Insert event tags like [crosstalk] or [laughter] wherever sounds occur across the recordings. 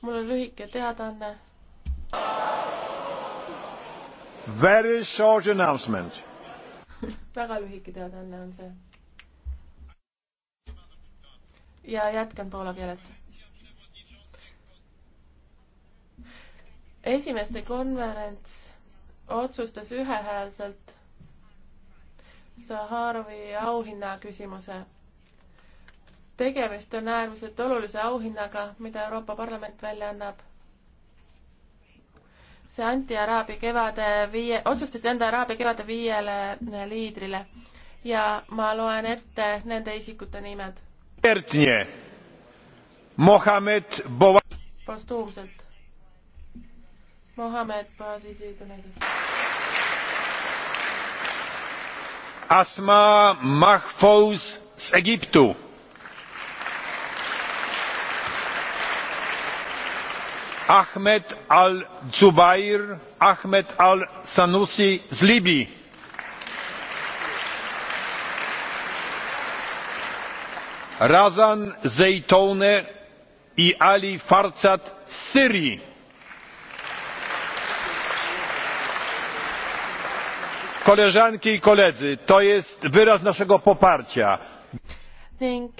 mul on lühike teadaanne. Very short announcement [laughs] väga lühike teadaanne on see. ja jätkan poola keeles. esimeste konverents otsustas ühehäälselt Saharovi auhinna küsimuse tegemist on äärmiselt olulise auhinnaga, mida Euroopa Parlament välja annab. see anti Araabia kevade viie, otsustati anda Araabia kevade viiele liidrile ja ma loen ette nende isikute nimed. Ertnie, Mohammed Bova-. postuumselt. Mohammed Bovasisi tunnisest. Asma Mahfouz Egiptu Ahmed al-Zubair Ahmed al-Sanusi z Libii. razan zaitouneh i ali farsad z syrii. koleżanki i koledzy to jest wyraz naszego poparcia. ning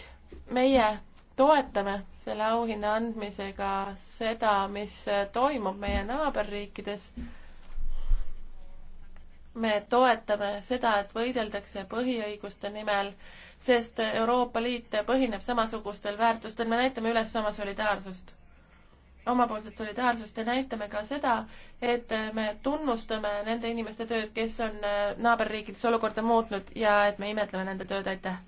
meie toetame selle auhinna andmisega seda, mis toimub meie naaberriikides. me toetame seda, et võideldakse põhiõiguste nimel, sest Euroopa Liit põhineb samasugustel väärtustel, me näitame üles oma solidaarsust omapoolset solidaarsust ja näitame ka seda, et me tunnustame nende inimeste tööd, kes on naaberriikides olukorda muutnud ja et me imetleme nende tööd, aitäh!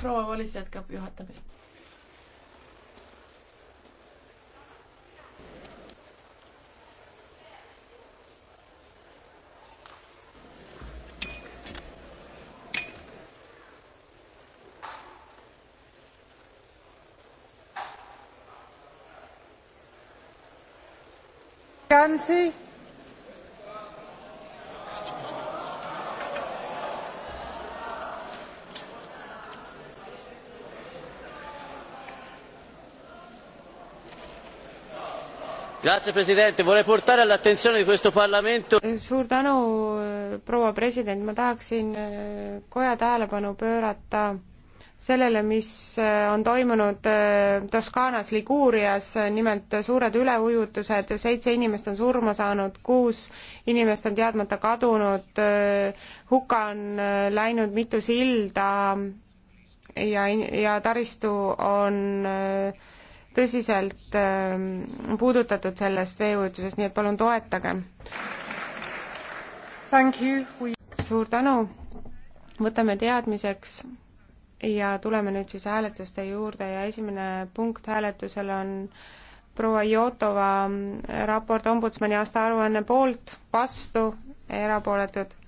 proua Valis jätkab juhatamist. Ganzi Grazie Presidente, vorrei portare all'attenzione di questo Parlamento. suur tänu, proua president, ma tahaksin eh, koja tähelepanu pöörata sellele, mis eh, on toimunud eh, Toskaanas Liguurias, nimelt suured üleujutused, seitse inimest on surma saanud, kuus inimest on teadmata kadunud, hukka on läinud mitu silda ja, ja taristu on tõsiselt ähm, puudutatud sellest veeujutusest, nii et palun toetage. suur tänu, võtame teadmiseks ja tuleme nüüd siis hääletuste juurde ja esimene punkt hääletusel on proua Jotova raport ombudsmani aastaaruanne poolt, vastu, erapooletud